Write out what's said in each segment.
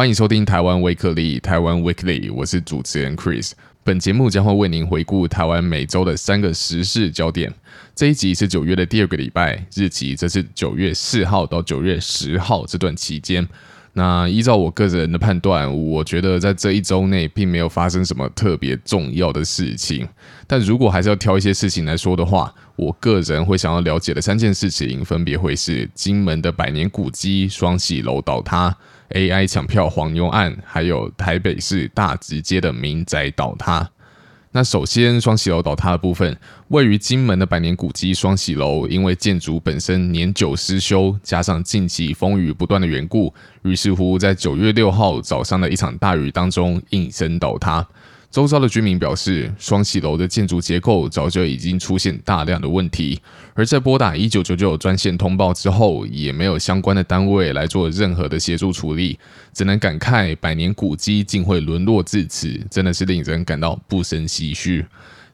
歡迎收聽《台灣威克力》，台灣威克力，我是主持人 Chris。本節目將會為您回顧台灣每周的三個時事焦點。這一集是九月的第二個禮拜，日期則是九月四號到九月十號這段期間。那依照我個人的判斷，我覺得在這一周內並沒有發生什麼特別重要的事情。但如果還是要挑一些事情來說的話，我個人會想要了解的三件事情，分別會是金門的百年古蹟雙喜樓倒塌、AI 搶票黃牛案，還有台北市大直街的民宅倒塌。那首先，雙喜樓倒塌的部分，位於金門的百年古蹟雙喜樓，因為建築本身年久失修，加上近期風雨不斷的緣故，於是乎在九月六號早上的一場大雨當中應聲倒塌。周遭的居民表示，雙喜樓的建築結構早就已經出現大量的問題，而在撥打一九九九專線通報之後，也沒有相關的單位來做任何的協助處理，只能感慨百年古蹟竟會淪落至此，真的是令人感到不勝唏噓。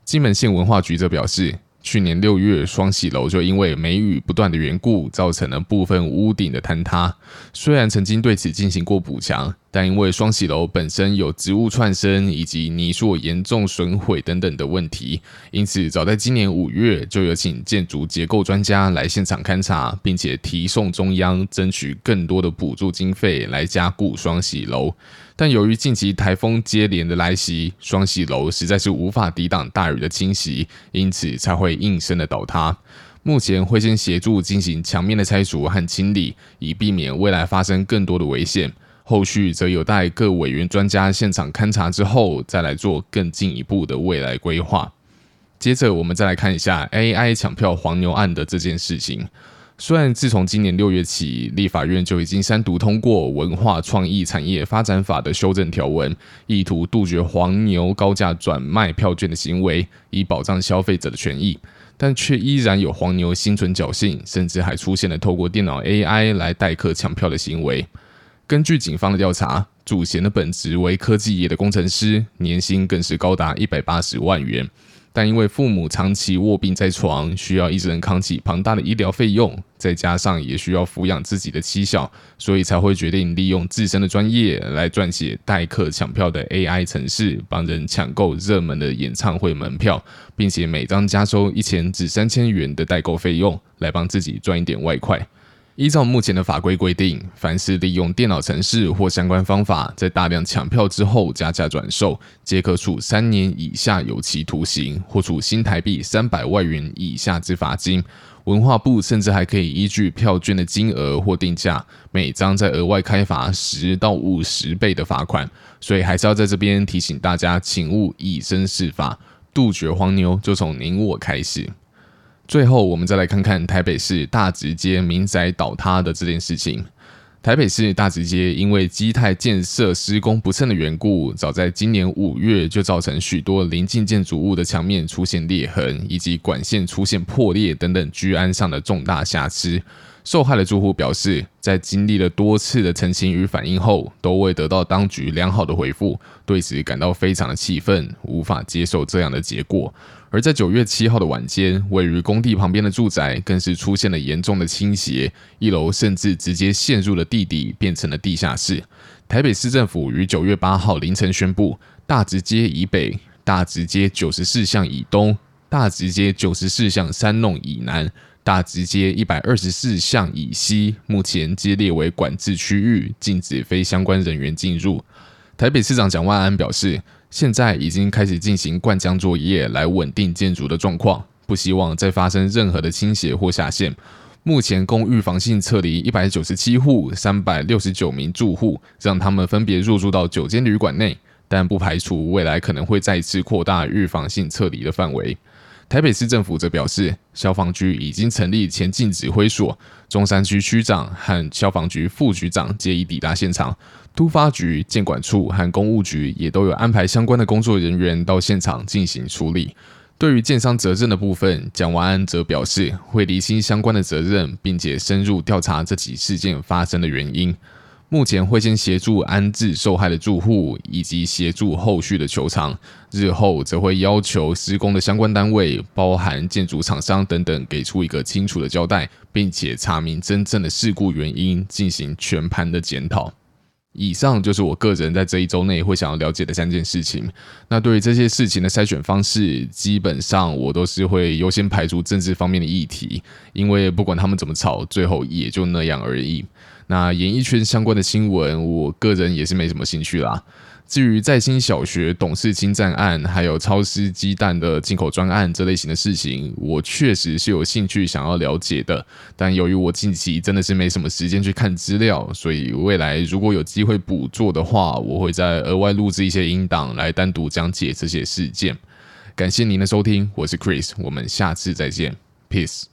金門縣文化局則表示，去年六月雙喜樓就因為梅雨不斷的緣故，造成了部分屋頂的坍塌，雖然曾經對此進行過補強。但因為雙喜樓本身有植物竄生以及泥塑嚴重損毀等等的問題，因此早在今年五月就有請建築結構專家來現場勘查，並且提送中央爭取更多的補助經費來加固雙喜樓。但由於近期颱風接連的來襲，雙喜樓實在是無法抵擋大雨的侵襲，因此才會應聲的倒塌。目前會先協助進行牆面的拆除和清理，以避免未來發生更多的危險。後續則有待各委員專家現場勘查之後，再來做更進一步的未來規劃。接着，我們再來看一下 AI 搶票黃牛案的這件事情。雖然自從今年六月起，立法院就已經三讀通過文化創意產業發展法的修正條文，意圖杜絕黃牛高價轉賣票券的行為，以保障消費者的權益，但卻依然有黃牛心存僥幸，甚至還出現了透過電腦 AI 來代客搶票的行為。根據警方的調查，祖賢的本職為科技業的工程師，年薪更是高達一百八十萬元。但因為父母長期臥病在床，需要一人扛起龐大的醫療費用，再加上也需要撫養自己的妻小，所以才會決定利用自身的專業來撰寫代客搶票的 AI 程式，幫人搶購熱門的演唱會門票，並且每張加收一千至三千元的代購費用，來幫自己賺一點外快。依照目前的法規規定，凡是利用電腦程式或相關方法，在大量搶票之後加價轉售，皆可處三年以下有期徒刑，或處新台幣三百萬元以下之罰金。文化部甚至還可以依據票券的金額或定價，每張再額外開罰十到五十倍的罰款。所以還是要在這邊提醒大家，請勿以身試法，杜絕黃牛，就從您我開始。最後，我們再來看看台北市大直街民宅倒塌的這件事情。台北市大直街因為基泰建設施工不慎的緣故，早在今年五月就造成許多鄰近建築物的牆面出現裂痕，以及管線出現破裂等等居安上的重大瑕疵。受害的住戶表示，在經歷了多次的澄清與反應後，都未得到當局良好的回覆，對此感到非常的氣憤，無法接受這樣的結果。而在九月七號的晚間，位於工地旁邊的住宅更是出現了嚴重的傾斜，一樓甚至直接陷入了地底，變成了地下室。台北市政府於九月八號凌晨宣布，大直街以北、大直街九十四巷以東、大直街九十四巷三弄以南、大直街一百二十四巷以西，目前皆列為管制區域，禁止非相關人員進入。台北市長蔣萬安表示。現在已經開始進行灌漿作業，來穩定建築的狀況，不希望再發生任何的傾斜或下陷。目前共預防性撤離一百九十七戶、三百六十九名住戶，讓他們分別入住到九間旅館內，但不排除未來可能會再次擴大預防性撤離的範圍。台北市政府則表示，消防局已經成立前進指揮所，中山區區長和消防局副局長皆已抵達現場。都發局、建管處和公務局也都有安排相關的工作人員到現場進行處理。對於建商責任的部分，蔣萬安則表示會釐清相關的責任，並且深入調查這起事件發生的原因。目前會先協助安置受害的住戶，以及協助後續的求償。日後則會要求施工的相關單位，包含建築廠商等等，給出一個清楚的交代，並且查明真正的事故原因，進行全盤的檢討。以上就是我個人在這一周內會想要了解的三件事情。那對於這些事情的篩選方式，基本上我都是會優先排除政治方面的議題，因為不管他們怎麼吵，最後也就那樣而已。那演藝圈相關的新聞，我個人也是沒什麼興趣啦。至於在新小學董事侵占案，還有超思雞蛋的進口專案這類型的事情，我確實是有興趣想要了解的。但由於我近期真的是沒什麼時間去看資料，所以未來如果有機會補做的話，我會再額外錄制一些音檔來單獨講解這些事件。感謝您的收聽，我是 Chris，我們下次再見，Peace。